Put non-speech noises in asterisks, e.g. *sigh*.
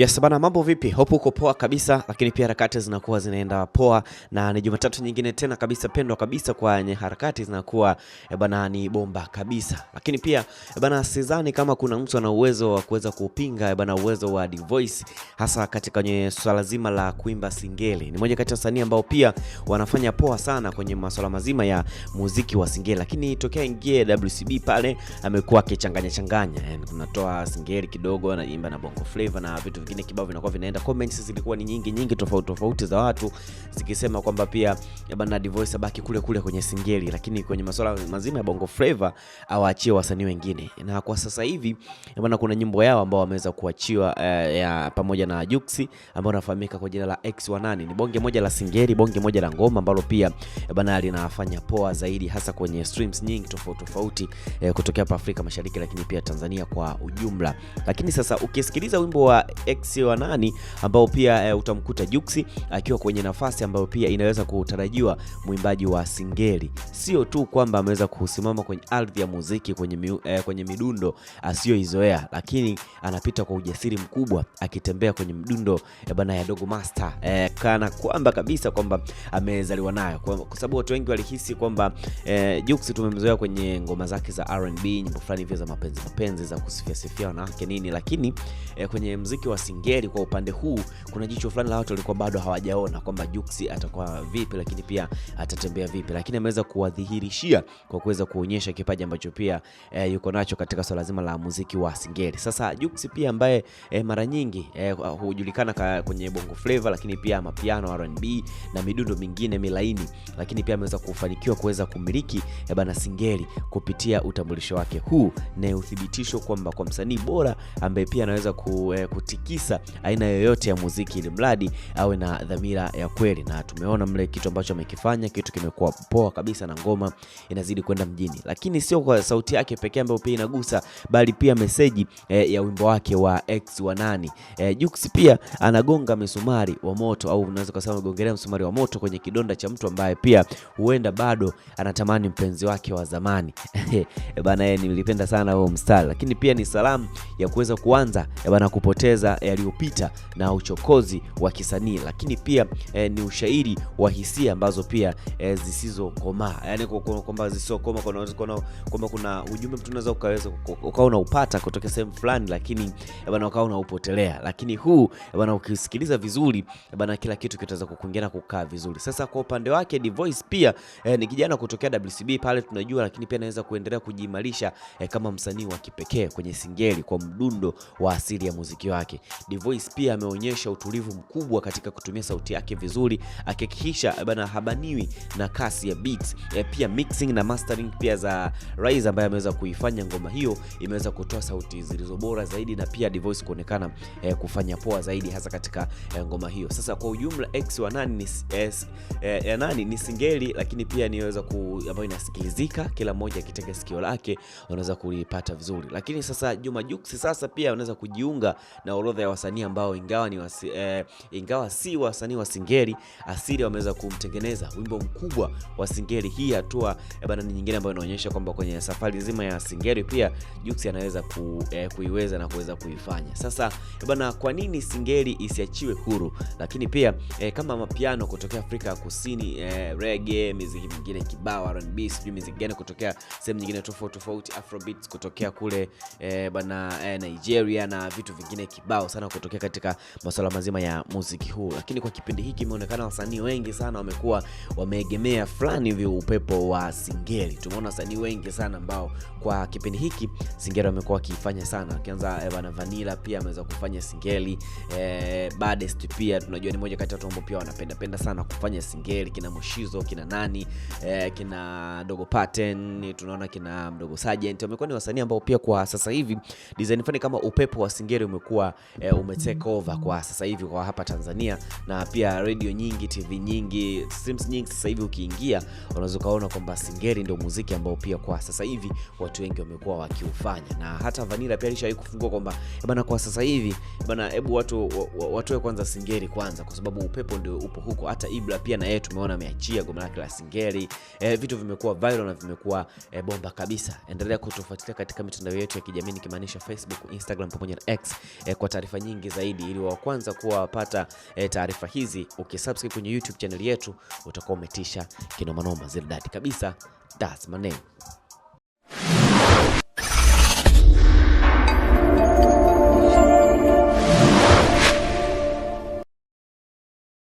Yes, bana mambo vipi? Hope uko poa kabisa, lakini pia harakati zinakuwa zinaenda poa na ni Jumatatu nyingine tena kabisa pendwa kabisa nye harakati zinakuwa e bana ni bomba kabisa. Lakini pia e bana sidhani kama kuna mtu ana uwezo wa kuweza kupinga e bana uwezo wa Voice hasa katika kwenye swala zima la kuimba singeli. Ni moja kati ya wasanii ambao pia wanafanya poa sana kwenye masuala mazima ya muziki wa singeli. Lakini tokea ingie WCB pale amekuwa akichanganya changanya. Yaani, singeli kidogo anaimba na bongo flavor na vitu vingine kibao vinakuwa vinaenda. Comments zilikuwa ni nyingi nyingi tofauti tofauti za watu zikisema kwamba pia bana Divoice abaki kule kule kwenye singeli, lakini kwenye masuala mazima ya Bongo Flava awaachie wasanii wengine. Na kwa sasa hivi bana kuna nyimbo yao ambao wameweza kuachiwa eh, ya pamoja na Juksi ambao anafahamika kwa jina la X18. Ni bonge moja la singeli, bonge moja la ngoma ambalo pia eh, bana linafanya poa zaidi hasa kwenye streams nyingi tofauti tofauti eh, kutokea hapa Afrika Mashariki lakini pia Tanzania kwa ujumla. Lakini sasa ukisikiliza wimbo wa X Alexi Wanani ambao pia e, utamkuta Juksi akiwa kwenye nafasi ambayo pia inaweza kutarajiwa mwimbaji wa singeli. Sio tu kwamba ameweza kusimama kwenye ardhi ya muziki kwenye, miu, e, kwenye midundo asiyoizoea, lakini anapita kwa ujasiri mkubwa akitembea kwenye mdundo ya bana ya Dogo Master e, kana kwamba kabisa kwamba amezaliwa nayo, kwa sababu watu wengi walihisi kwamba e, Juksi tumemzoea kwenye ngoma zake za R&B, nyimbo fulani hivi za mapenzi mapenzi za kusifia sifia wanawake nini, lakini e, kwenye muziki wa Singeli kwa upande huu kuna jicho fulani la watu walikuwa bado hawajaona kwamba Jux atakuwa vipi, lakini pia atatembea vipi, lakini ameweza kuwadhihirishia kwa kuweza kuonyesha kipaji ambacho pia e, yuko nacho katika swala zima la muziki wa Singeli. Sasa Jux pia ambaye e, mara nyingi e, hujulikana kwenye Bongo Flava, lakini pia mapiano R&B na midundo mingine milaini, lakini pia ameweza kufanikiwa kuweza kumiliki e, bana Singeli kupitia utambulisho wake huu na uthibitisho kwamba kwa msanii bora ambaye pia anaweza ku, e, kutiki kutikisa aina yoyote ya muziki, ili mradi awe na dhamira ya kweli, na tumeona mle kitu ambacho amekifanya, kitu kimekuwa poa kabisa na ngoma inazidi kwenda mjini, lakini sio kwa sauti yake pekee ambayo pia inagusa, bali pia meseji eh, ya wimbo wake wa X wa nani eh, Jux pia anagonga msumari wa moto, au unaweza kusema amegongelea msumari wa moto kwenye kidonda cha mtu ambaye pia huenda bado anatamani mpenzi wake wa zamani. *laughs* Eh, bana, nilipenda sana huo mstari, lakini pia ni salamu ya kuweza kuanza eh, bana kupoteza yaliyopita na uchokozi wa kisanii, lakini pia e, ni ushairi wa hisia ambazo pia e, zisizokomaa, yani kwamba zisizokoma, kwamba kuna ujumbe mtu unaweza ukaweza ukawa unaupata kutoka sehemu fulani, lakini eh, bana ukawa unaupotelea, lakini huu bana ukisikiliza vizuri bana kila kitu kitaweza kukuingia na kukaa vizuri. Sasa kwa upande wake voice pia e, ni kijana kutokea WCB pale tunajua, lakini pia anaweza kuendelea kujiimarisha e, kama msanii wa kipekee kwenye singeli kwa mdundo wa asili ya muziki wake. Divoice pia ameonyesha utulivu mkubwa katika kutumia sauti yake vizuri, akihakikisha bana habaniwi na kasi ya beats. Eh, pia mixing na mastering pia za Rise ambaye ameweza kuifanya ngoma hiyo imeweza kutoa sauti zilizo bora zaidi, na pia Divoice kuonekana eh, kufanya poa zaidi hasa katika eh, ngoma hiyo. Sasa kwa ujumla X wa nani ni, eh, eh, ya nani ni singeli, lakini pia niweza ku ambayo inasikilizika, kila mmoja akitega sikio lake unaweza kulipata vizuri, lakini sasa Juma Jux sasa pia unaweza kujiunga na orodha orodha ya wasanii ambao ingawa, ni wasi, eh, ingawa si wasanii wa Singeli asili wameweza kumtengeneza wimbo mkubwa wa Singeli. Hii hatua eh, bana ni nyingine ambayo inaonyesha kwamba kwenye safari nzima ya Singeli pia Jux anaweza ku, eh, kuiweza na kuweza kuifanya. Sasa eh, bana, kwa nini Singeli isiachiwe huru? Lakini pia eh, kama mapiano kutokea Afrika ya Kusini eh, reggae, muziki mingine kibao R&B, sijui muziki gani kutokea sehemu nyingine tofauti tofauti, afrobeats kutokea kule eh, bana eh, Nigeria na vitu vingine kibao sana kutokea katika masuala mazima ya muziki huu, lakini kwa kipindi hiki imeonekana wasanii wengi sana wamekuwa wameegemea fulani hivi upepo wa singeli. Tumeona wasanii wengi sana ambao kwa kipindi hiki singeli wamekuwa wakiifanya sana, akianza Evan vanila pia ameweza kufanya singeli eh, Badest pia tunajua ni moja kati ya watu ambao pia wanapenda penda sana kufanya singeli, kina Moshizo kina nani eh, kina Dogo paten tunaona kina Mdogo sajent wamekuwa ni wasanii ambao pia kwa sasa hivi design fani kama upepo wa singeli umekuwa e, umetake over kwa sasa hivi kwa hapa Tanzania, na pia radio nyingi, TV nyingi, streams nyingi sasa hivi ukiingia unaweza ukaona kwamba Singeli ndio muziki ambao pia kwa sasa hivi watu wengi wamekuwa wakiufanya, na hata Vanilla pia alishawahi kufungua kwamba eh bana, kwa sasa hivi bana, hebu watu watoe kwanza Singeli kwanza, kwa sababu upepo ndio upo huko. Hata Ibra pia na yeye tumeona ameachia goma lake la Singeli. E, vitu vimekuwa viral na vimekuwa e, bomba kabisa. Endelea kutufuatilia katika mitandao yetu ya kijamii nikimaanisha Facebook, Instagram pamoja na X e, kwa taarifa taarifa nyingi zaidi, ili wa kwanza kuwa wapata e, taarifa hizi. Ukisubscribe kwenye YouTube channel yetu utakuwa umetisha kinomanoma, zildadi kabisa. That's my name.